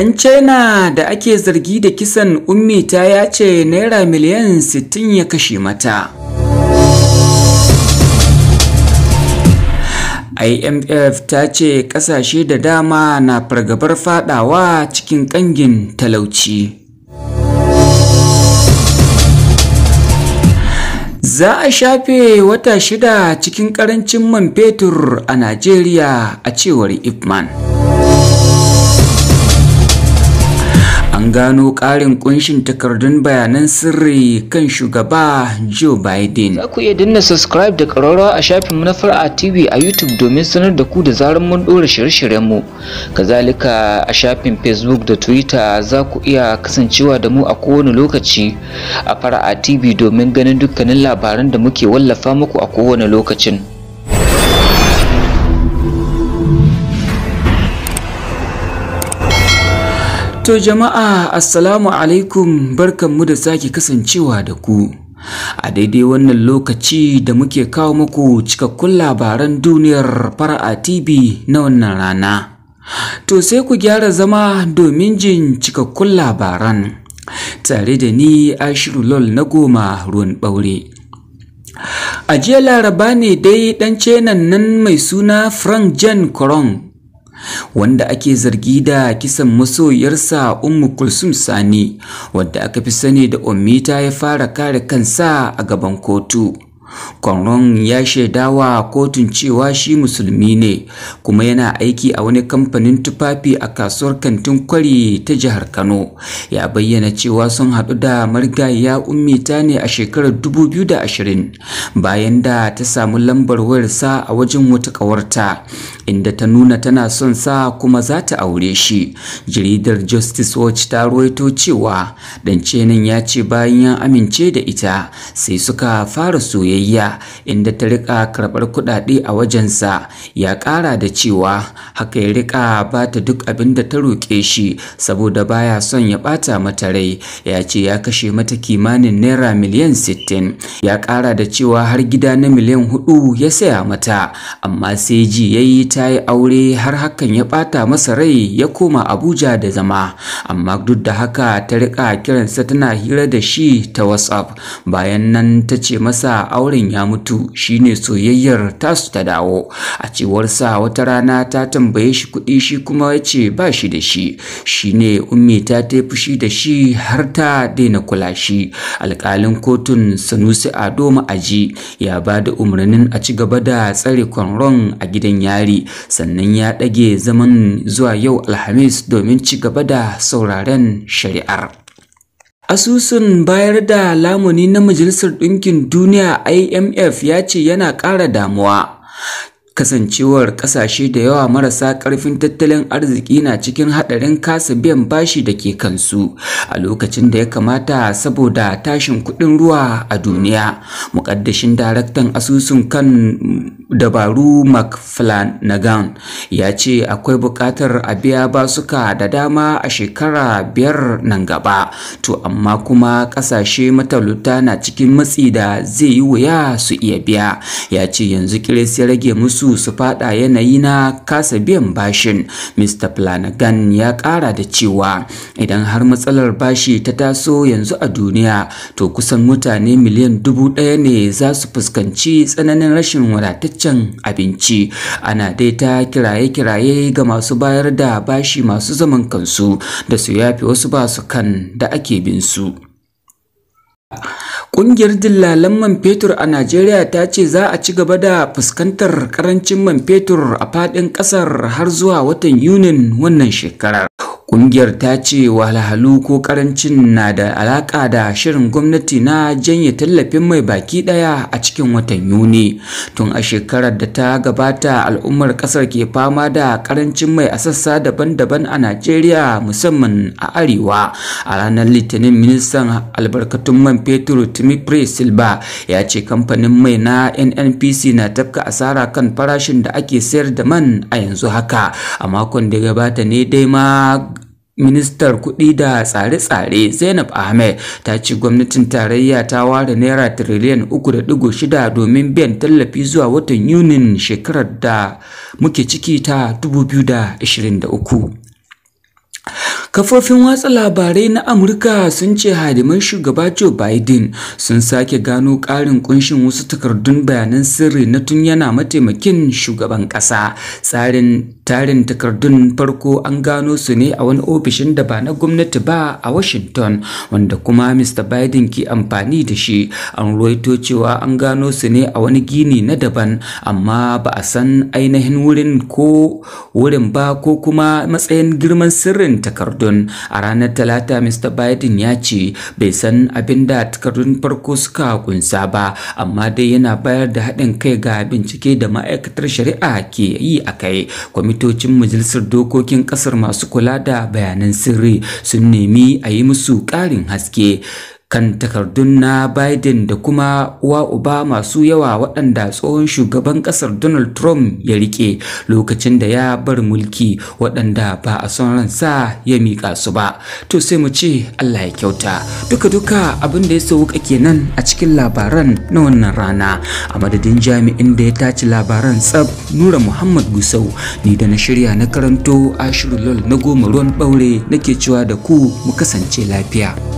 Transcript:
Dan China da ake zargi da kisan ummi ta ya ce Naira miliyan 60 ya kashe mata. IMF ta ce ƙasashe da dama na fargabar fadawa cikin ƙangin talauci. Za a shafe wata shida cikin ƙarancin man fetur a Najeriya a cewar Ipman. gano ƙarin ƙunshin takardun bayanan sirri kan shugaba Joe Biden. Za ku iya dinna subscribe da ƙararrawa a shafin mu na Far'a TV a YouTube domin sanar da ku da zarar mun ɗora shirye-shiryen mu. Kazalika a shafin Facebook da Twitter za ku iya kasancewa da mu a kowane lokaci a Far'a TV domin ganin dukkanin labaran da muke wallafa muku a kowane lokacin. To jama'a assalamu alaikum barkanmu da sake kasancewa da ku. A daidai wannan lokaci da muke kawo muku cikakkun labaran duniyar fara'a TV na wannan rana. To sai ku gyara zama domin jin cikakkun labaran. Tare da ni Ashiru Lol na goma ruwan ɓaure. A jiya laraba ne dai ɗan cenan nan mai suna Frank Jan Korong wanda ake zargi da kisan masoyarsa Ummu Kulsum Sani wanda aka fi sani da Ummita ya fara kare kansa a gaban kotu. Kwangron ya shaidawa kotun cewa shi musulmi ne kuma yana aiki a wani kamfanin tufafi a kasuwar kantin kwari ta jihar Kano. Ya bayyana cewa sun haɗu da marigayya ummi ta ne a shekarar 2020 bayan da ta samu lambar wayarsa a wajen wata ƙawarta inda ta nuna tana son sa kuma za ta aure shi. Jaridar Justice Watch ta ruwaito cewa dan ya ce bayan ya amince da ita sai suka fara soyayya. biyayya inda ta rika karɓar kuɗaɗe a wajensa ya ƙara da cewa haka ya rika ba ta duk abin da ta roƙe shi saboda baya son ya ɓata mata rai ya ce ya kashe mata kimanin naira miliyan 60 ya ƙara da cewa har gida na miliyan 4 ya saya mata amma sai ji ya ta yi aure har hakan ya ɓata masa rai ya koma abuja da zama amma duk da haka ta rika kiransa tana hira da shi ta whatsapp bayan nan ta ce masa aure auren ya mutu shine soyayyar tasu ta dawo a cewar sa wata rana ta tambaye shi kuɗi shi kuma ya ce ba shi da shi shine ummi ta ta fushi da shi har ta daina kula shi alƙalin kotun sanusi ado ma'aji ya ba da umarnin a ci gaba da tsare kwanron a gidan yari sannan ya ɗage zaman zuwa yau alhamis domin ci gaba da sauraren shari'ar Asusun bayar da lamuni na Majalisar Ɗinkin Duniya IMF ya ce yana ƙara damuwa kasancewar ƙasashe da yawa marasa ƙarfin tattalin arziki na cikin hadarin kasa biyan bashi da ke kansu a lokacin da ya kamata saboda tashin kuɗin ruwa a duniya Muƙaddashin daraktan asusun kan dabaru mcflanagan ya ce akwai buƙatar a biya basuka da dama a shekara biyar nan gaba to amma kuma kasashe matalauta na cikin matsi da zai yi wuya su iya biya ya ce yanzu kiris ya rage musu su su fada yanayi na kasa biyan bashin mr flanagan ya kara da cewa idan har matsalar bashi ta taso yanzu a duniya to kusan mutane miliyan dubu ɗaya ne za su fuskanci tsananin rashin wadataccen abinci ana dai ta kiraye-kiraye ga masu bayar da bashi masu zaman kansu da su yafi wasu basu kan da ake bin su Ƙungiyar dillalan man fetur a Najeriya ta ce za a ci gaba da fuskantar ƙarancin man fetur a faɗin ƙasar har zuwa watan Yunin wannan shekarar. Ƙungiyar ta ce wahalhalu ko ƙarancin na da alaƙa da shirin gwamnati na janye tallafin mai baki ɗaya a cikin watan Yuni. Tun a shekarar da ta gabata al'ummar ƙasar ke fama da ƙarancin mai a sassa daban-daban a Najeriya musamman a Arewa. A ranar Litinin ministan albarkatun man fetur Timi Silva ya ce kamfanin mai na NNPC na tafka asara kan farashin da ake sayar da man a yanzu haka. A makon da gabata ne dai ma ministar kuɗi da tsare-tsare zainab ahmed ta ce gwamnatin tarayya ta ware naira tiriliyan 3.6 domin biyan tallafi zuwa watan yunin shekarar da muke ciki ta 2023 Kafofin watsa labarai na Amurka sun ce hadiman shugaba Joe Biden sun sake gano ƙarin kunshin wasu takardun bayanan sirri na tun yana mataimakin shugaban ƙasa. Tsarin tarin takardun farko an gano su ne a wani ofishin da ba na gwamnati ba a washington wanda kuma mr biden ke amfani da shi an ruwaito cewa an gano su ne a wani gini na daban amma ba a san ainihin wurin ko wurin ba ko kuma matsayin girman sirrin takardun a ranar talata mr biden ya ce bai san abin da takardun farko suka kunsa ba amma dai yana bayar da haɗin kai ga bincike da ma'aikatar shari'a ke yi a kai kwamitocin majalisar dokokin kasar masu kula da bayanan sirri sun nemi a yi musu ƙarin haske kan takardun na Biden da kuma uwa uba masu yawa waɗanda tsohon shugaban ƙasar Donald Trump ya rike lokacin da ya bar mulki waɗanda ba a son ransa ya miƙa su ba. To sai mu ce Allah ya kyauta. Duka-duka abin da ya sauka kenan a cikin labaran na wannan rana. A madadin jami'in da ya tace labaran tsab Nura Muhammad Gusau ni da na shirya na karanto Ashirulol na goma ruwan ɓaure nake cewa da ku mu kasance lafiya.